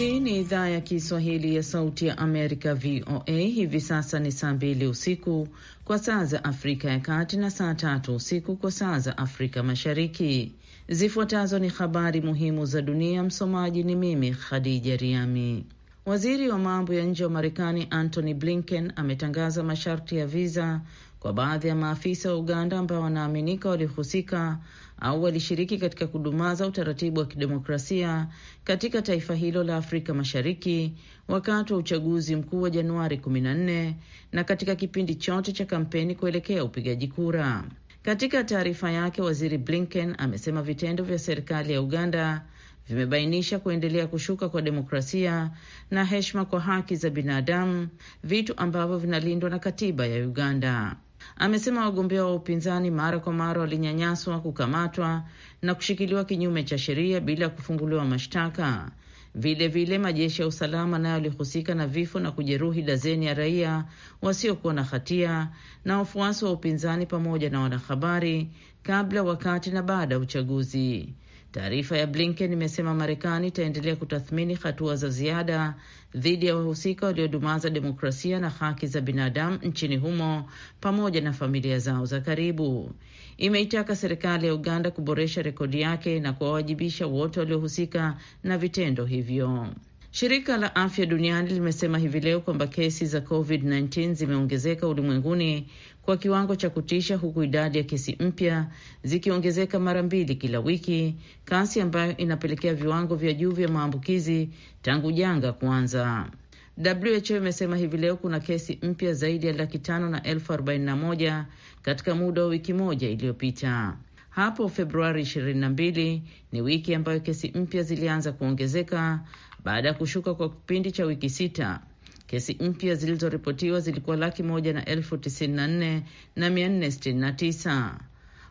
Hii ni idhaa ya Kiswahili ya Sauti ya Amerika, VOA. Hivi sasa ni saa mbili usiku kwa saa za Afrika ya Kati na saa tatu usiku kwa saa za Afrika Mashariki. Zifuatazo ni habari muhimu za dunia. Msomaji ni mimi Khadija Riami. Waziri wa mambo ya nje wa Marekani Antony Blinken ametangaza masharti ya viza kwa baadhi ya maafisa wa Uganda ambao wanaaminika walihusika au walishiriki katika kudumaza utaratibu wa kidemokrasia katika taifa hilo la Afrika Mashariki wakati wa uchaguzi mkuu wa Januari 14 na katika kipindi chote cha kampeni kuelekea upigaji kura. Katika taarifa yake, Waziri Blinken amesema vitendo vya serikali ya Uganda vimebainisha kuendelea kushuka kwa demokrasia na heshima kwa haki za binadamu, vitu ambavyo vinalindwa na katiba ya Uganda amesema wagombea wa upinzani mara kwa mara walinyanyaswa, kukamatwa na kushikiliwa kinyume cha sheria bila kufunguliwa mashtaka. Vilevile, majeshi ya usalama nayo yalihusika na vifo na kujeruhi dazeni ya raia wasiokuwa na hatia na wafuasi wa upinzani pamoja na wanahabari, kabla, wakati na baada ya uchaguzi. Taarifa ya Blinken imesema Marekani itaendelea kutathmini hatua za ziada dhidi ya wahusika waliodumaza demokrasia na haki za binadamu nchini humo pamoja na familia zao za karibu. Imeitaka serikali ya Uganda kuboresha rekodi yake na kuwawajibisha wote waliohusika na vitendo hivyo. Shirika la Afya Duniani limesema hivi leo kwamba kesi za COVID-19 zimeongezeka ulimwenguni kwa kiwango cha kutisha, huku idadi ya kesi mpya zikiongezeka mara mbili kila wiki, kasi ambayo inapelekea viwango vya juu vya maambukizi tangu janga kuanza. WHO imesema hivi leo kuna kesi mpya zaidi ya laki tano na elfu arobaini na moja katika muda wa wiki moja iliyopita. Hapo Februari 22 ni wiki ambayo kesi mpya zilianza kuongezeka baada ya kushuka kwa kipindi cha wiki sita Kesi mpya zilizoripotiwa zilikuwa laki moja na elfu tisini na nne na mia nne sitini na tisa.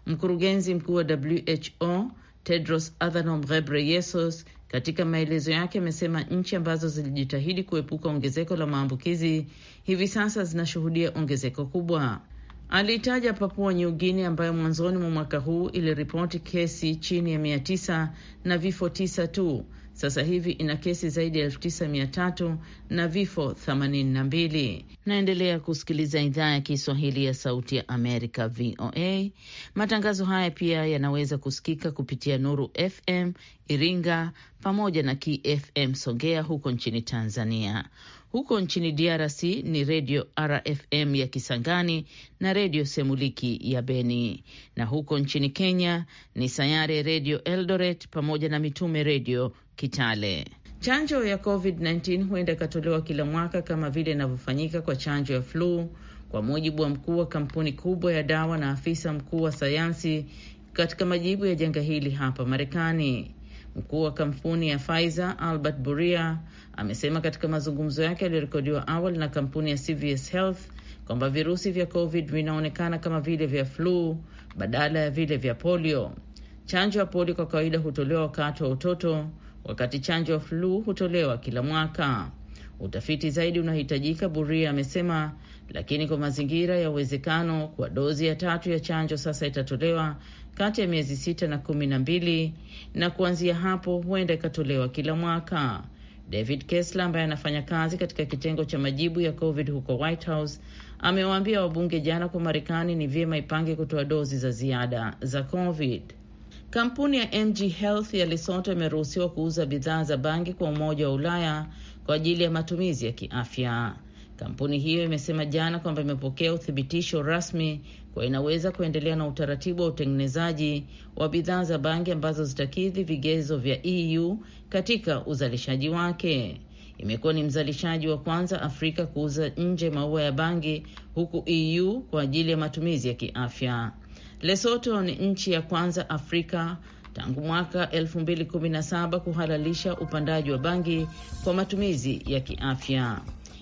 Mkurugenzi mkuu wa WHO Tedros Adhanom Ghebreyesus katika maelezo yake amesema nchi ambazo zilijitahidi kuepuka ongezeko la maambukizi hivi sasa zinashuhudia ongezeko kubwa. Aliitaja Papua New Guinea ambayo mwanzoni mwa mwaka huu iliripoti kesi chini ya mia tisa na vifo tisa tu sasa hivi ina kesi zaidi ya elfu tisa mia tatu na vifo 82. Naendelea kusikiliza idhaa ya Kiswahili ya Sauti ya Amerika, VOA. Matangazo haya pia yanaweza kusikika kupitia Nuru FM Iringa pamoja na KFM Songea huko nchini Tanzania. Huko nchini DRC ni redio RFM ya Kisangani na redio Semuliki ya Beni, na huko nchini Kenya ni Sayare redio Eldoret pamoja na Mitume redio Kitale. Chanjo ya COVID-19 huenda ikatolewa kila mwaka kama vile inavyofanyika kwa chanjo ya flu, kwa mujibu wa mkuu wa kampuni kubwa ya dawa na afisa mkuu wa sayansi katika majibu ya janga hili hapa Marekani. Mkuu wa kampuni ya Pfizer Albert Bourla amesema katika mazungumzo yake yaliyorekodiwa awali na kampuni ya CVS Health kwamba virusi vya COVID vinaonekana kama vile vya flu badala ya vile vya polio. Chanjo ya polio kwa kawaida hutolewa wakati wa utoto, wakati chanjo ya flu hutolewa kila mwaka. Utafiti zaidi unahitajika, Buria amesema, lakini kwa mazingira ya uwezekano, kwa dozi ya tatu ya chanjo sasa itatolewa kati ya miezi sita na kumi na mbili na kuanzia hapo huenda ikatolewa kila mwaka. David Kessler ambaye anafanya kazi katika kitengo cha majibu ya COVID huko White House amewaambia wabunge jana kwa Marekani ni vyema ipange kutoa dozi za ziada za COVID. Kampuni ya MG Health ya Lesotho imeruhusiwa kuuza bidhaa za bangi kwa Umoja wa Ulaya kwa ajili ya matumizi ya kiafya. Kampuni hiyo imesema jana kwamba imepokea uthibitisho rasmi kuwa inaweza kuendelea na utaratibu wa utengenezaji wa bidhaa za bangi ambazo zitakidhi vigezo vya EU katika uzalishaji wake. Imekuwa ni mzalishaji wa kwanza Afrika kuuza nje maua ya bangi huku EU kwa ajili ya matumizi ya kiafya. lesoto ni nchi ya kwanza Afrika tangu mwaka 2017 kuhalalisha upandaji wa bangi kwa matumizi ya kiafya.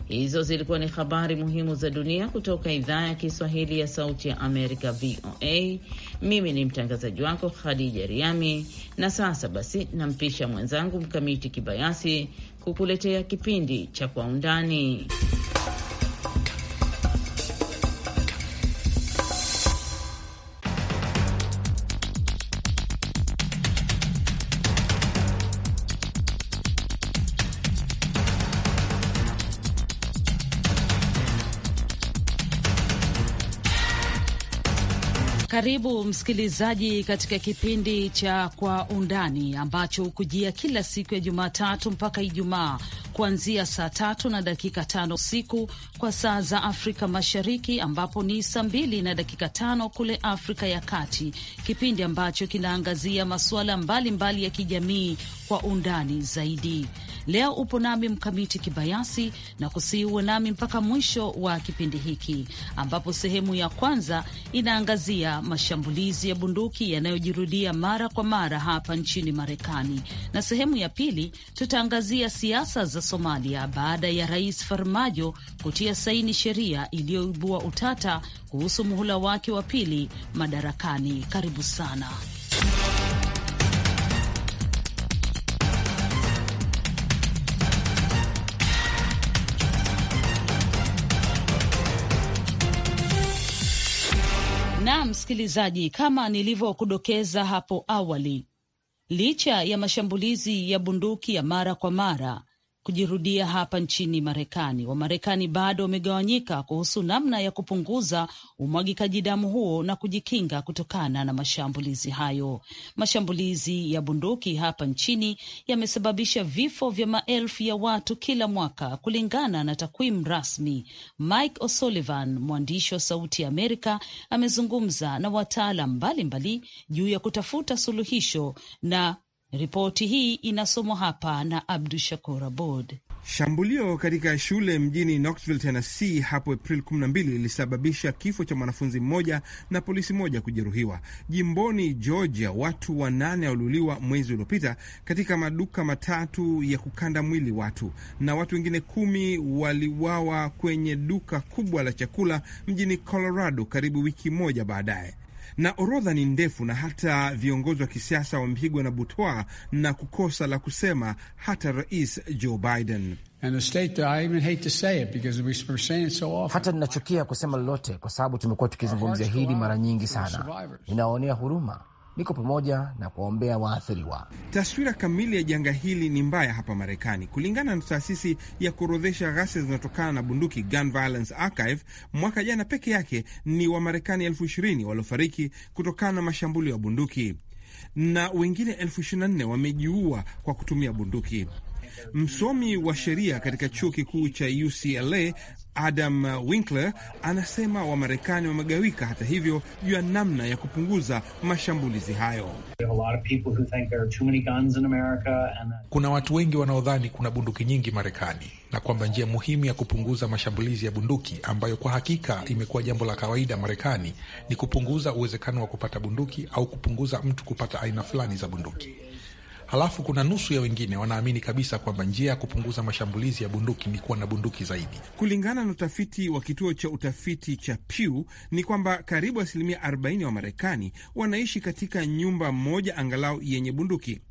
Hizo zilikuwa ni habari muhimu za dunia kutoka idhaa ya Kiswahili ya Sauti ya Amerika, VOA. Mimi ni mtangazaji wako Khadija Riami, na sasa basi nampisha mwenzangu Mkamiti Kibayasi kukuletea kipindi cha Kwa Undani. Karibu msikilizaji katika kipindi cha Kwa Undani ambacho hukujia kila siku ya Jumatatu mpaka Ijumaa kuanzia saa tatu na dakika tano usiku kwa saa za Afrika Mashariki, ambapo ni saa mbili na dakika tano kule Afrika ya Kati, kipindi ambacho kinaangazia masuala mbalimbali ya kijamii kwa undani zaidi. Leo upo nami Mkamiti Kibayasi na kusiuwe nami mpaka mwisho wa kipindi hiki, ambapo sehemu ya kwanza inaangazia mashambulizi ya bunduki yanayojirudia mara kwa mara hapa nchini Marekani, na sehemu ya pili tutaangazia siasa za Somalia baada ya Rais Farmajo kutia saini sheria iliyoibua utata kuhusu muhula wake wa pili madarakani. Karibu sana. Na msikilizaji, kama nilivyokudokeza hapo awali, licha ya mashambulizi ya bunduki ya mara kwa mara kujirudia hapa nchini Marekani. Wamarekani bado wamegawanyika kuhusu namna ya kupunguza umwagikaji damu huo na kujikinga kutokana na mashambulizi hayo. Mashambulizi ya bunduki hapa nchini yamesababisha vifo vya maelfu ya watu kila mwaka kulingana na takwimu rasmi. Mike O'Sullivan, mwandishi wa Sauti ya Amerika, amezungumza na wataalam mbalimbali juu ya kutafuta suluhisho na Ripoti hii inasomwa hapa na Abdu Shakur Abod. Shambulio katika shule mjini Knoxville, Tennessee hapo April 12 lilisababisha kifo cha mwanafunzi mmoja na polisi mmoja kujeruhiwa. Jimboni Georgia, watu wanane waliuliwa mwezi uliopita katika maduka matatu ya kukanda mwili watu na watu wengine kumi waliuawa kwenye duka kubwa la chakula mjini Colorado karibu wiki moja baadaye na orodha ni ndefu, na hata viongozi wa kisiasa wamepigwa na butwa na kukosa la kusema, hata rais Joe Biden. hata ninachukia kusema lolote, kwa sababu tumekuwa tukizungumzia hili mara nyingi sana. Ninawaonea huruma niko pamoja na kuwaombea waathiriwa. Taswira kamili ya janga hili ni mbaya hapa Marekani. Kulingana na taasisi ya kuorodhesha ghasia zinazotokana na bunduki Gun Violence Archive, mwaka jana peke yake ni Wamarekani elfu ishirini waliofariki kutokana na mashambulio ya bunduki na wengine elfu ishirini na nne wamejiua kwa kutumia bunduki. Msomi wa sheria katika chuo kikuu cha UCLA Adam Winkler anasema Wamarekani wamegawika hata hivyo juu ya namna ya kupunguza mashambulizi hayo. Kuna watu wengi wanaodhani kuna bunduki nyingi Marekani na kwamba njia muhimu ya kupunguza mashambulizi ya bunduki ambayo kwa hakika imekuwa jambo la kawaida Marekani ni kupunguza uwezekano wa kupata bunduki au kupunguza mtu kupata aina fulani za bunduki halafu kuna nusu ya wengine wanaamini kabisa kwamba njia ya kupunguza mashambulizi ya bunduki ni kuwa na bunduki zaidi. Kulingana na utafiti wa kituo cha utafiti cha Pew ni kwamba karibu asilimia 40 wa Marekani wanaishi katika nyumba moja angalau yenye bunduki.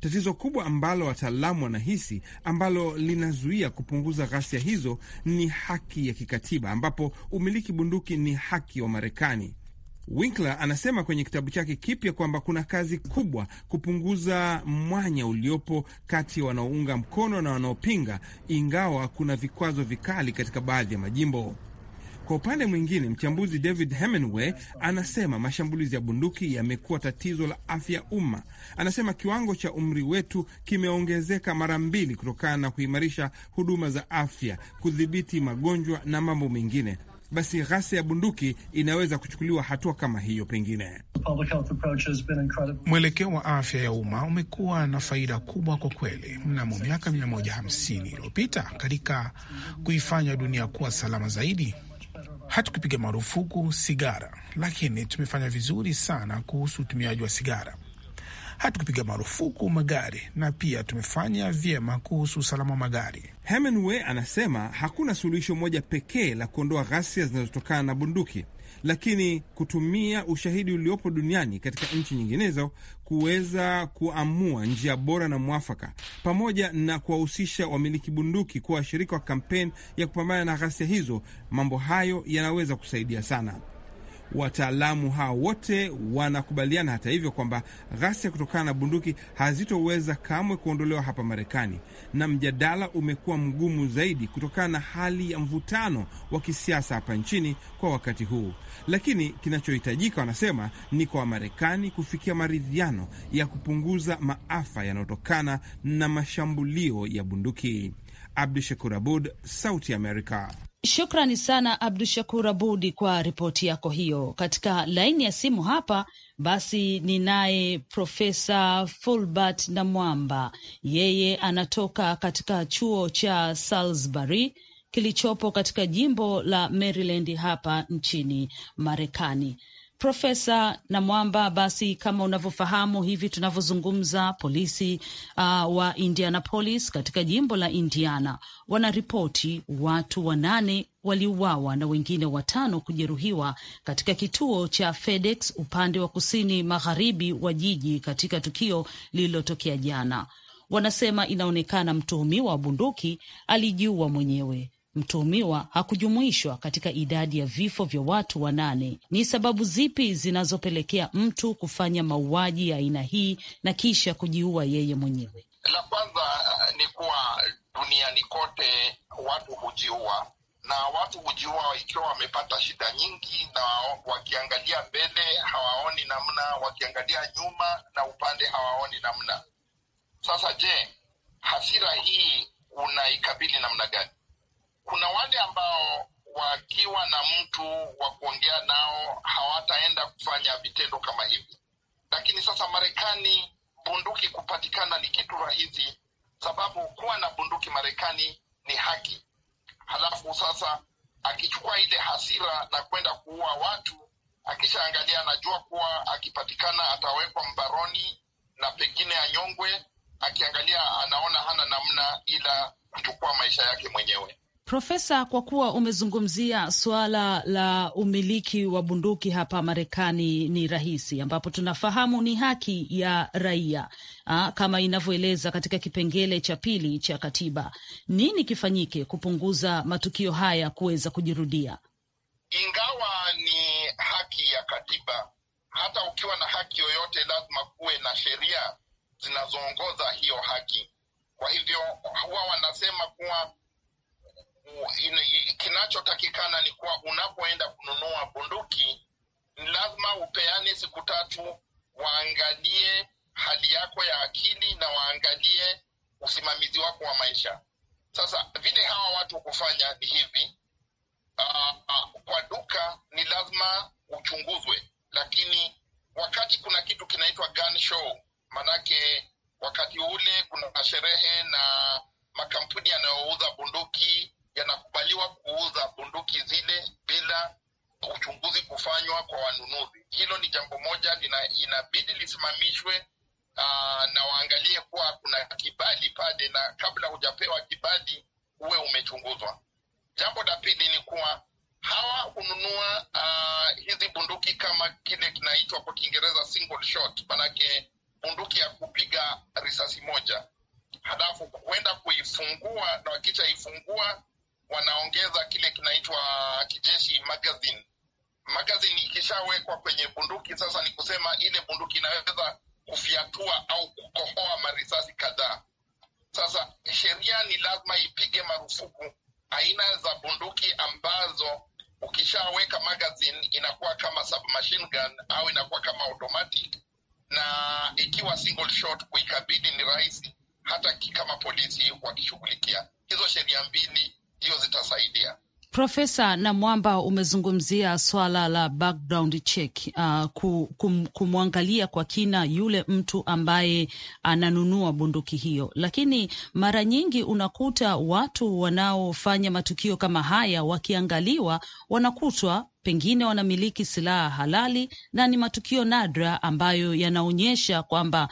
Tatizo kubwa ambalo wataalamu wanahisi ambalo linazuia kupunguza ghasia hizo ni haki ya kikatiba, ambapo umiliki bunduki ni haki wa Marekani. Winkler anasema kwenye kitabu chake kipya kwamba kuna kazi kubwa kupunguza mwanya uliopo kati ya wanaounga mkono na wanaopinga, ingawa kuna vikwazo vikali katika baadhi ya majimbo. Kwa upande mwingine, mchambuzi David Hemenway anasema mashambulizi ya bunduki yamekuwa tatizo la afya ya umma. Anasema kiwango cha umri wetu kimeongezeka mara mbili kutokana na kuimarisha huduma za afya, kudhibiti magonjwa na mambo mengine basi ghasia ya bunduki inaweza kuchukuliwa hatua kama hiyo. Pengine mwelekeo wa afya ya umma umekuwa na faida kubwa kwa kweli, mnamo miaka 150 iliyopita katika kuifanya dunia kuwa salama zaidi. Hatukupiga marufuku sigara, lakini tumefanya vizuri sana kuhusu utumiaji wa sigara hatukupiga marufuku magari na pia tumefanya vyema kuhusu usalama wa magari. Hemingway anasema hakuna suluhisho moja pekee la kuondoa ghasia zinazotokana na bunduki, lakini kutumia ushahidi uliopo duniani katika nchi nyinginezo kuweza kuamua njia bora na mwafaka, pamoja na kuwahusisha wamiliki bunduki kuwa washirika wa kampeni ya kupambana na ghasia hizo, mambo hayo yanaweza kusaidia sana. Wataalamu hao wote wanakubaliana hata hivyo kwamba ghasia kutokana na bunduki hazitoweza kamwe kuondolewa hapa Marekani, na mjadala umekuwa mgumu zaidi kutokana na hali ya mvutano wa kisiasa hapa nchini kwa wakati huu. Lakini kinachohitajika, wanasema, ni kwa Wamarekani kufikia maridhiano ya kupunguza maafa yanayotokana na mashambulio ya bunduki. Abdu Shakur Abud, Sauti Amerika. Shukrani sana Abdu Shakur Abudi kwa ripoti yako hiyo. Katika laini ya simu hapa basi ninaye Profesa Fulbert Namwamba, yeye anatoka katika chuo cha Salisbury kilichopo katika jimbo la Maryland hapa nchini Marekani. Profesa Namwamba, basi kama unavyofahamu hivi tunavyozungumza, polisi uh, wa Indianapolis katika jimbo la Indiana wanaripoti watu wanane waliuawa na wengine watano kujeruhiwa katika kituo cha FedEx upande wa kusini magharibi wa jiji katika tukio lililotokea jana. Wanasema inaonekana mtuhumiwa wa bunduki alijiua mwenyewe. Mtuhumiwa hakujumuishwa katika idadi ya vifo vya watu wanane. Ni sababu zipi zinazopelekea mtu kufanya mauaji ya aina hii na kisha kujiua yeye mwenyewe? La kwanza eh, ni kuwa duniani kote watu hujiua na watu hujiua ikiwa wamepata shida nyingi, na wakiangalia mbele hawaoni namna, wakiangalia nyuma na upande hawaoni namna. Sasa je, hasira hii unaikabili namna gani? Kuna wale ambao wakiwa na mtu wa kuongea nao hawataenda kufanya vitendo kama hivi, lakini sasa Marekani bunduki kupatikana ni kitu rahisi, sababu kuwa na bunduki Marekani ni haki. Halafu sasa akichukua ile hasira na kwenda kuua watu, akishaangalia anajua kuwa akipatikana atawekwa mbaroni na pengine anyongwe. Akiangalia anaona hana namna ila kuchukua maisha yake mwenyewe. Profesa, kwa kuwa umezungumzia suala la umiliki wa bunduki hapa Marekani ni rahisi, ambapo tunafahamu ni haki ya raia ha, ah, kama inavyoeleza katika kipengele cha pili cha katiba. Nini kifanyike kupunguza matukio haya kuweza kujirudia? Ingawa ni haki ya katiba, hata ukiwa na haki yoyote, lazima kuwe na sheria zinazoongoza hiyo haki. Kwa hivyo huwa wanasema kuwa kinachotakikana ni kuwa unapoenda kununua bunduki ni lazima upeane siku tatu, waangalie hali yako ya akili na waangalie usimamizi wako wa maisha. Sasa vile hawa watu kufanya ni hivi uh, uh, kwa duka ni lazima uchunguzwe, lakini wakati kuna kitu kinaitwa gun show, manake wakati ule kuna sherehe na makampuni yanayouza bunduki yanakubaliwa kuuza bunduki zile bila uchunguzi kufanywa kwa wanunuzi. Hilo ni jambo moja lina, inabidi lisimamishwe aa, ah, na waangalie kuwa kuna kibali pale, na kabla hujapewa kibali uwe umechunguzwa. Jambo la pili ni kuwa hawa hununua uh, hizi bunduki kama kile kinaitwa kwa Kiingereza single shot, manake bunduki ya kupiga risasi moja, halafu kuenda kuifungua na wakishaifungua wanaongeza kile kinaitwa kijeshi magazine. Magazine ikishawekwa kwenye bunduki, sasa ni kusema ile bunduki inaweza kufyatua au kukohoa marisasi kadhaa. Sasa sheria ni lazima ipige marufuku aina za bunduki ambazo ukishaweka magazine inakuwa kama submachine gun au inakuwa kama automatic, na ikiwa single shot kuikabidi ni rahisi, hata kama polisi wakishughulikia. Hizo sheria mbili hiyo zitasaidia. Profesa Namwamba, umezungumzia swala la background check, uh, kumwangalia kwa kina yule mtu ambaye ananunua bunduki hiyo, lakini mara nyingi unakuta watu wanaofanya matukio kama haya wakiangaliwa wanakutwa pengine wanamiliki silaha halali, na ni matukio nadra ambayo yanaonyesha kwamba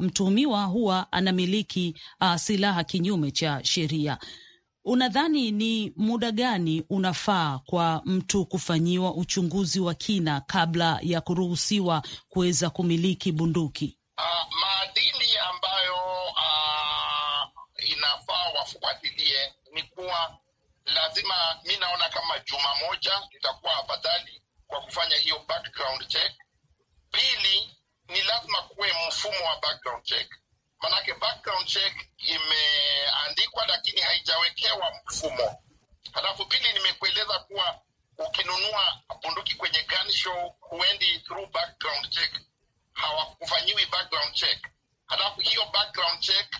mtuhumiwa huwa anamiliki uh, silaha kinyume cha sheria. Unadhani ni muda gani unafaa kwa mtu kufanyiwa uchunguzi wa kina kabla ya kuruhusiwa kuweza kumiliki bunduki? Uh, maadili ambayo uh, inafaa wafuatilie ni kuwa lazima, mi naona kama juma moja itakuwa afadhali kwa kufanya hiyo background check. Pili, ni lazima kuwe mfumo wa background check manake background check imeandikwa lakini haijawekewa mfumo. Halafu pili, nimekueleza kuwa ukinunua bunduki kwenye gun show huendi through background check, hawakufanyiwi background check. Halafu hiyo background check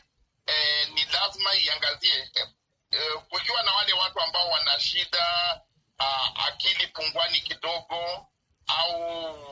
eh, ni lazima iangazie eh, eh, kukiwa na wale watu ambao wana shida ah, akili pungwani kidogo au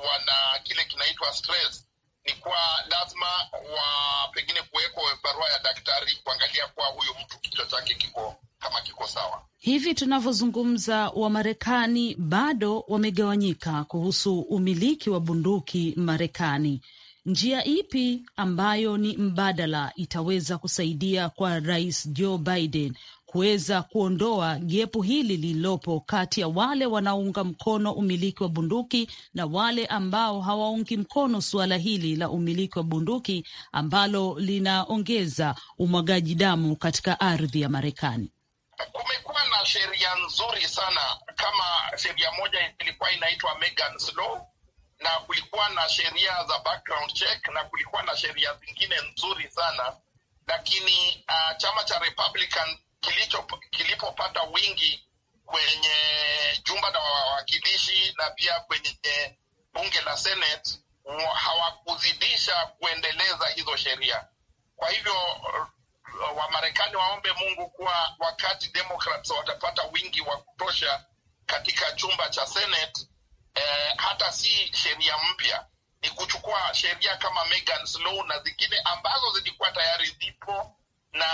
wana kile kinaitwa stress ni kwa lazima wa pengine kuweko barua ya daktari kuangalia kuwa huyu mtu kichwa chake kiko kama kiko sawa. Hivi tunavyozungumza, Wamarekani bado wamegawanyika kuhusu umiliki wa bunduki Marekani. Njia ipi ambayo ni mbadala itaweza kusaidia kwa Rais Joe Biden kuweza kuondoa gepu hili lililopo kati ya wale wanaounga mkono umiliki wa bunduki na wale ambao hawaungi mkono suala hili la umiliki wa bunduki ambalo linaongeza umwagaji damu katika ardhi ya Marekani. Kumekuwa na sheria nzuri sana, kama sheria moja ilikuwa inaitwa Megan's Law na kulikuwa na sheria za background check na kulikuwa na sheria zingine nzuri sana, lakini uh, chama cha Republican kilicho kilipopata wingi kwenye jumba la wawakilishi na pia kwenye eh, bunge la Senate hawakuzidisha kuendeleza hizo sheria. Kwa hivyo eh, Wamarekani waombe Mungu kuwa wakati Democrats watapata wingi wa kutosha katika chumba cha Senate, eh, hata si sheria mpya, ni kuchukua sheria kama Megan's Law na zingine ambazo zilikuwa tayari zipo na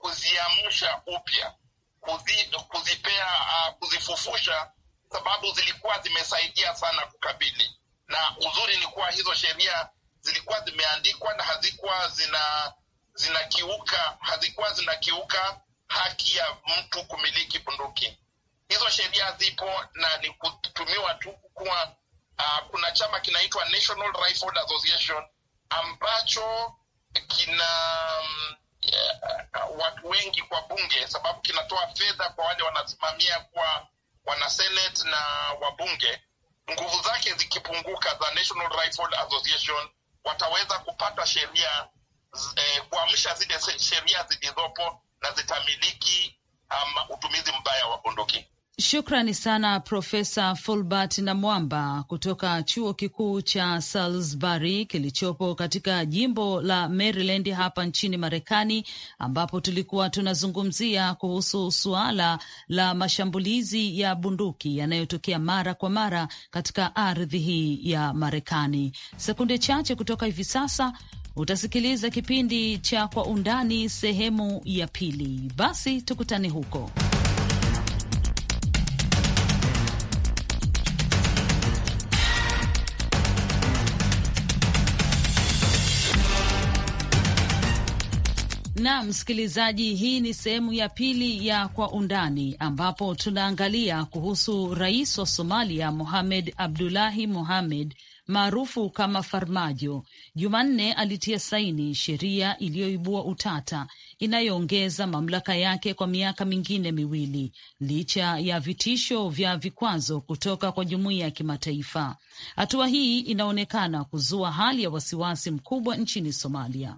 kuziamsha upya, kuzi, kuzipea uh, kuzifufusha, sababu zilikuwa zimesaidia sana kukabili. Na uzuri ni kuwa hizo sheria zilikuwa zimeandikwa na hazikuwa zina zinakiuka hazikuwa zinakiuka haki ya mtu kumiliki bunduki. Hizo sheria zipo na ni kutumiwa tu kuwa uh, kuna chama kinaitwa National Rifle Association ambacho kina um, uh, watu wengi kwa bunge, sababu kinatoa fedha kwa wale wanasimamia kwa wanasenate na wabunge. Nguvu zake zikipunguka za National Rifle Association, wataweza kupata sheria eh, kuamsha zile sheria zilizopo na zitamiliki ama utumizi mbaya wa bunduki. Shukrani sana Profesa Fulbert na Mwamba kutoka chuo kikuu cha Salisbury kilichopo katika jimbo la Maryland hapa nchini Marekani, ambapo tulikuwa tunazungumzia kuhusu suala la mashambulizi ya bunduki yanayotokea mara kwa mara katika ardhi hii ya Marekani. Sekunde chache kutoka hivi sasa utasikiliza kipindi cha Kwa Undani sehemu ya pili. Basi tukutane huko. Na msikilizaji, hii ni sehemu ya pili ya Kwa Undani, ambapo tunaangalia kuhusu rais wa Somalia Mohamed Abdullahi Mohamed maarufu kama Farmajo. Jumanne alitia saini sheria iliyoibua utata inayoongeza mamlaka yake kwa miaka mingine miwili licha ya vitisho vya vikwazo kutoka kwa jumuiya ya kimataifa. Hatua hii inaonekana kuzua hali ya wasiwasi mkubwa nchini Somalia.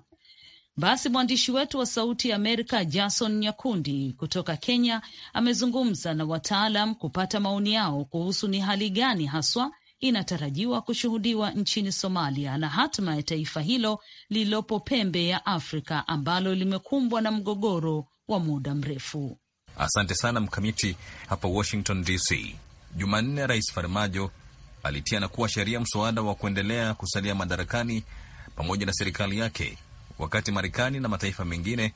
Basi mwandishi wetu wa Sauti ya Amerika Jason Nyakundi kutoka Kenya amezungumza na wataalam kupata maoni yao kuhusu ni hali gani haswa inatarajiwa kushuhudiwa nchini Somalia na hatima ya taifa hilo lililopo pembe ya Afrika ambalo limekumbwa na mgogoro wa muda mrefu. Asante sana Mkamiti hapa Washington DC. Jumanne, Rais Farmajo alitia na kuwa sheria mswada wa kuendelea kusalia madarakani pamoja na serikali yake wakati Marekani na mataifa mengine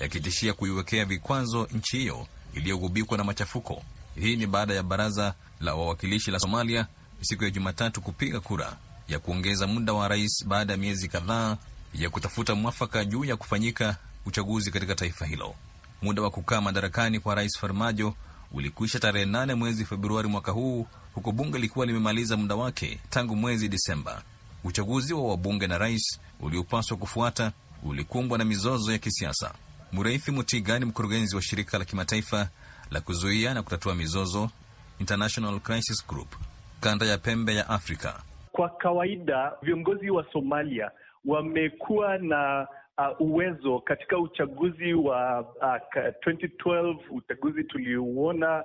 yakitishia kuiwekea vikwazo nchi hiyo iliyogubikwa na machafuko. Hii ni baada ya baraza la wawakilishi la Somalia siku ya Jumatatu kupiga kura ya kuongeza muda wa rais baada ya miezi kadhaa ya kutafuta mwafaka juu ya kufanyika uchaguzi katika taifa hilo. Muda wa kukaa madarakani kwa rais Farmajo ulikwisha tarehe nane mwezi Februari mwaka huu, huku bunge likiwa limemaliza muda wake tangu mwezi Disemba. Uchaguzi wa wabunge na rais uliopaswa kufuata ulikumbwa na mizozo ya kisiasa. Mureithi Mutiga ni mkurugenzi wa shirika la kimataifa la kuzuia na kutatua mizozo International Crisis Group kanda ya pembe ya Afrika. Kwa kawaida viongozi wa Somalia wamekuwa na uh, uwezo katika uchaguzi wa uh, 2012 uchaguzi tuliuona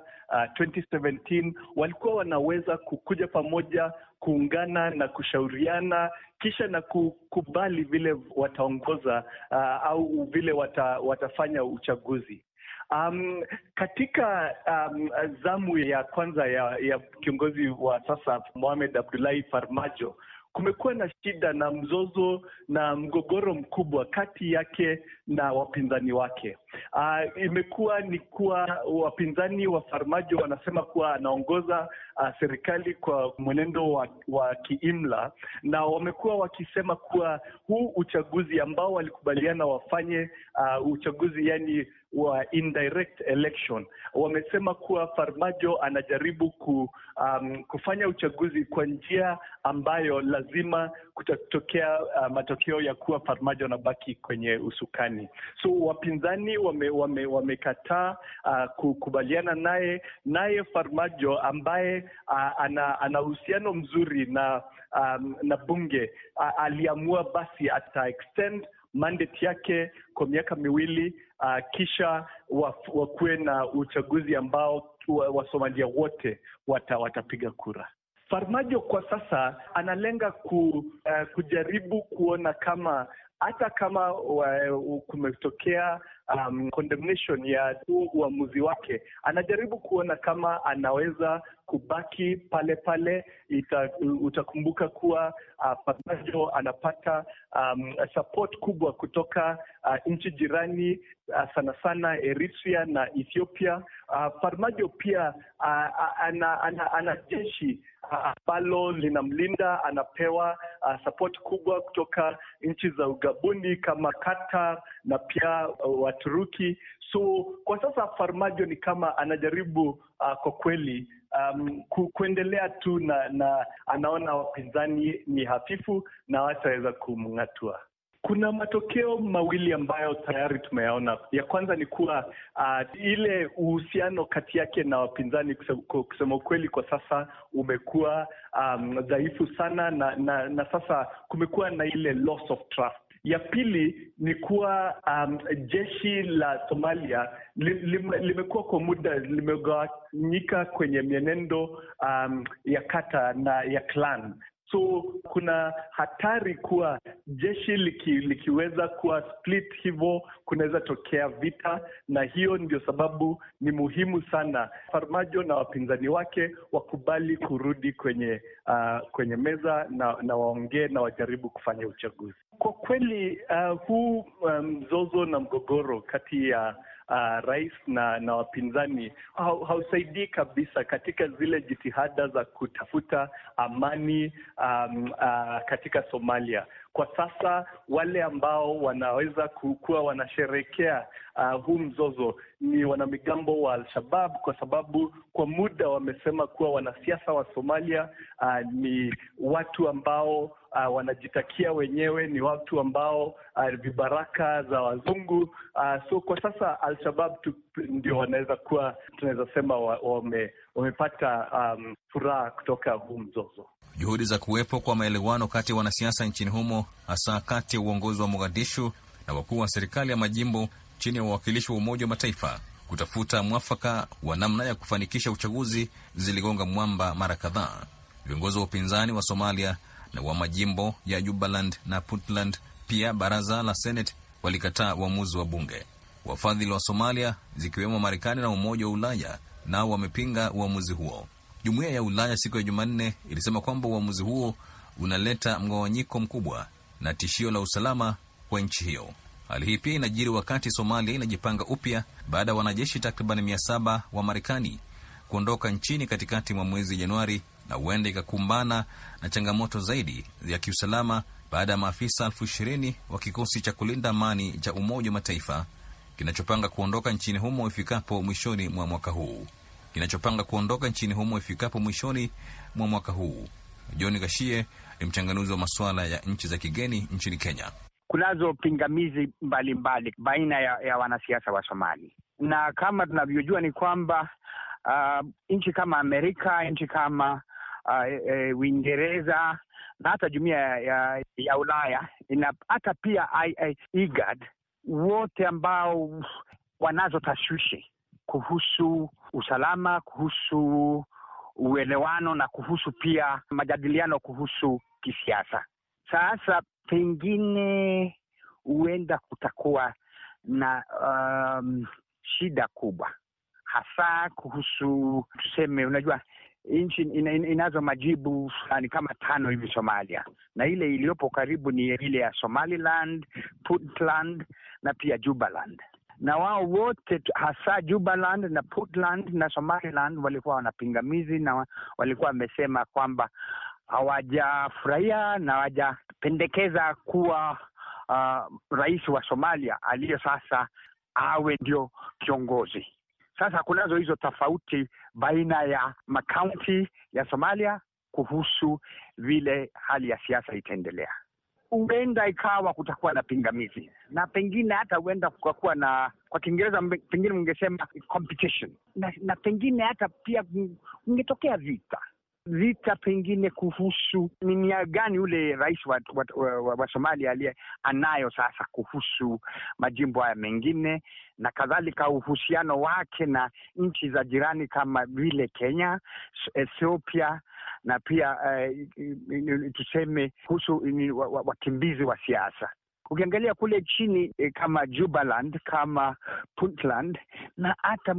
uh, 2017 walikuwa wanaweza kukuja pamoja kuungana na kushauriana kisha na kukubali vile wataongoza uh, au vile wata, watafanya uchaguzi. Um, katika um, zamu ya kwanza ya, ya kiongozi wa sasa Mohamed Abdullahi Farmajo kumekuwa na shida na mzozo na mgogoro mkubwa kati yake na wapinzani wake. Uh, imekuwa ni kuwa wapinzani wa Farmajo wanasema kuwa anaongoza uh, serikali kwa mwenendo wa, wa kiimla, na wamekuwa wakisema kuwa huu uchaguzi ambao walikubaliana wafanye uh, uchaguzi yani wa indirect election wamesema kuwa Farmajo anajaribu ku, um, kufanya uchaguzi kwa njia ambayo lazima kutatokea uh, matokeo ya kuwa Farmajo anabaki kwenye usukani. So wapinzani wamekataa wame, wame uh, kukubaliana naye naye Farmajo ambaye uh, ana, ana uhusiano mzuri na um, na bunge uh, aliamua basi ata extend mandate yake kwa miaka miwili uh, kisha wakuwe na uchaguzi ambao Wasomalia wote wata, watapiga kura. Farmajo kwa sasa analenga ku, uh, kujaribu kuona kama hata kama kumetokea um, condemnation ya huo uamuzi wake, anajaribu kuona kama anaweza kubaki pale pale. Ita, utakumbuka kuwa uh, Pabajo anapata um, support kubwa kutoka uh, nchi jirani uh, sana sana Eritrea na Ethiopia. Uh, Farmajo pia uh, ana, ana, ana jeshi uh, ambalo uh, linamlinda. Anapewa uh, support kubwa kutoka nchi za ugabuni kama Qatar na pia uh, Waturuki. So kwa sasa Farmajo ni kama anajaribu uh, kwa kweli um, kuendelea tu na, na anaona wapinzani ni hafifu na wataweza kumng'atua. Kuna matokeo mawili ambayo tayari tumeyaona. Ya kwanza ni kuwa uh, ile uhusiano kati yake na wapinzani kusema ukweli kwa sasa umekuwa um, dhaifu sana na, na, na sasa kumekuwa na ile loss of trust ya pili ni kuwa um, jeshi la Somalia limekuwa kwa muda limegawanyika kwenye mienendo um, ya kata na ya clan. So kuna hatari kuwa jeshi liki, likiweza kuwa split hivyo kunaweza tokea vita, na hiyo ndio sababu ni muhimu sana Farmajo na wapinzani wake wakubali kurudi kwenye uh, kwenye meza na, na waongee na wajaribu kufanya uchaguzi. Kwa kweli uh, huu um, mzozo um, na mgogoro kati ya uh, rais na na wapinzani hausaidii kabisa katika zile jitihada za kutafuta amani um, uh, katika Somalia. Kwa sasa wale ambao wanaweza kuwa wanasherekea uh, huu mzozo ni wanamigambo wa Al-Shabab, kwa sababu kwa muda wamesema kuwa wanasiasa wa Somalia uh, ni watu ambao Uh, wanajitakia wenyewe ni watu ambao uh, vibaraka za wazungu uh, so kwa sasa Al-Shabab ndio wanaweza kuwa tunaweza sema wamepata wa um, furaha kutoka huu mzozo. Juhudi za kuwepo kwa maelewano kati ya wanasiasa nchini humo, hasa kati ya uongozi wa Mogadishu na wakuu wa serikali ya majimbo chini ya wawakilishi wa Umoja wa Mataifa kutafuta mwafaka wa namna ya kufanikisha uchaguzi ziligonga mwamba mara kadhaa. Viongozi wa upinzani wa Somalia na wa majimbo ya Jubaland na Puntland, pia baraza la Senate, walikataa uamuzi wa bunge. Wafadhili wa Somalia, zikiwemo Marekani na Umoja wa Ulaya, nao wamepinga uamuzi huo. Jumuiya ya Ulaya siku ya Jumanne ilisema kwamba uamuzi huo unaleta mgawanyiko mkubwa na tishio la usalama kwa nchi hiyo. Hali hii pia inajiri wakati Somalia inajipanga upya baada ya wanajeshi takriban mia saba wa Marekani kuondoka nchini katikati mwa mwezi Januari na huenda ikakumbana na changamoto zaidi ya kiusalama baada ya maafisa elfu ishirini wa kikosi cha kulinda amani cha Umoja wa Mataifa kinachopanga kuondoka nchini humo ifikapo mwishoni mwa mwaka huu kinachopanga kuondoka nchini humo ifikapo mwishoni mwa mwaka huu. John Gashie ni mchanganuzi wa masuala ya nchi za kigeni nchini Kenya. Kunazo pingamizi mbalimbali mbali, baina ya, ya wanasiasa wa Somali na kama tunavyojua ni kwamba uh, nchi kama Amerika, nchi kama Uingereza uh, e, e na hata jumuiya ya, ya Ulaya na hata pia IGAD wote ambao wanazo tashwishi kuhusu usalama, kuhusu uelewano na kuhusu pia majadiliano kuhusu kisiasa. Sasa pengine huenda kutakuwa na um, shida kubwa hasa kuhusu tuseme, unajua nchi in, in, inazo majibu fulani kama tano hivi Somalia, na ile iliyopo karibu ni ile ya Somaliland, Puntland na pia Jubaland na wao wote hasa Jubaland na Puntland na Somaliland walikuwa wanapingamizi na walikuwa wamesema kwamba hawajafurahia na hawajapendekeza kuwa uh, rais wa Somalia aliyo sasa awe ndio kiongozi. Sasa kunazo hizo tofauti baina ya makaunti ya Somalia kuhusu vile hali ya siasa itaendelea huenda ikawa kutakuwa na pingamizi na pengine hata huenda kukakuwa na kwa Kiingereza pengine mngesema competition na, na pengine hata pia mngetokea vita vita pengine kuhusu ni nia gani yule rais wa, wa, wa, wa Somalia aliye anayo sasa kuhusu majimbo haya mengine na kadhalika, uhusiano wake na nchi za jirani kama vile Kenya, Ethiopia na pia uh, tuseme kuhusu wakimbizi wa, wa, wa siasa Ukiangalia kule chini e, kama Jubaland, kama Puntland na hata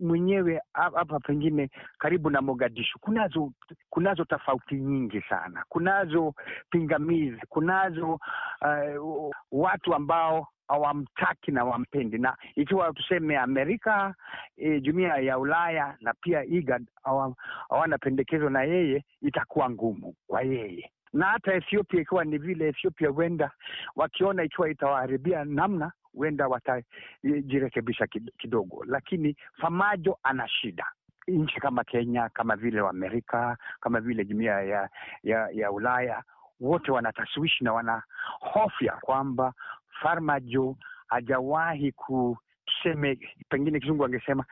mwenyewe hapa pengine karibu na Mogadishu, kunazo kunazo tofauti nyingi sana, kunazo pingamizi, kunazo uh, watu ambao hawamtaki na wampendi, na ikiwa tuseme Amerika e, eh, jumuiya ya Ulaya na pia IGAD hawana pendekezo na yeye, itakuwa ngumu kwa yeye na hata Ethiopia, ikiwa ni vile Ethiopia huenda wakiona ikiwa itawaharibia namna huenda watajirekebisha kidogo, lakini Famajo ana shida. Nchi kama Kenya, kama vile Amerika, kama vile jumuiya ya, ya, ya Ulaya wote wanataswishi na wanahofia kwamba Farmajo hajawahi kuseme, pengine kizungu angesema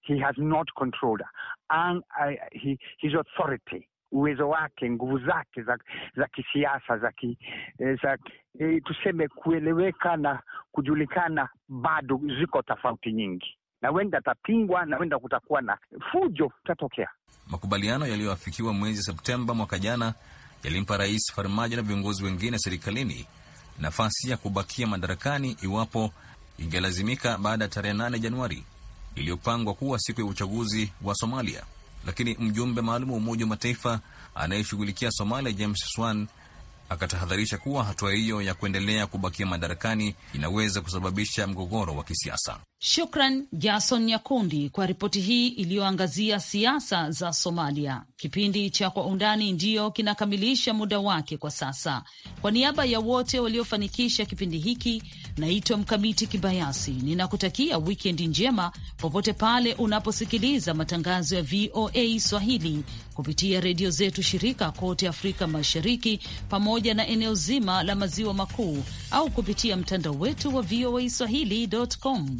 he has not controlled and, uh, he, his authority uwezo wake, nguvu zake za, za kisiasa za, ki, eh, za e, tuseme kueleweka na kujulikana, bado ziko tofauti nyingi, na wenda tapingwa na wenda kutakuwa na fujo tatokea. Makubaliano yaliyoafikiwa mwezi Septemba mwaka jana yalimpa Rais farmaja na viongozi wengine serikalini nafasi ya kubakia madarakani iwapo ingelazimika baada ya tarehe 8 Januari iliyopangwa kuwa siku ya uchaguzi wa Somalia lakini mjumbe maalum wa Umoja wa Mataifa anayeshughulikia Somalia James Swan akatahadharisha kuwa hatua hiyo ya kuendelea kubakia madarakani inaweza kusababisha mgogoro wa kisiasa. Shukran Jason Nyakundi kwa ripoti hii iliyoangazia siasa za Somalia. Kipindi cha Kwa Undani ndiyo kinakamilisha muda wake kwa sasa. Kwa niaba ya wote waliofanikisha kipindi hiki, naitwa Mkamiti Kibayasi, ninakutakia wikendi njema popote pale unaposikiliza matangazo ya VOA Swahili kupitia redio zetu shirika kote Afrika Mashariki pamoja na eneo zima la Maziwa Makuu, au kupitia mtandao wetu wa VOA Swahili.com.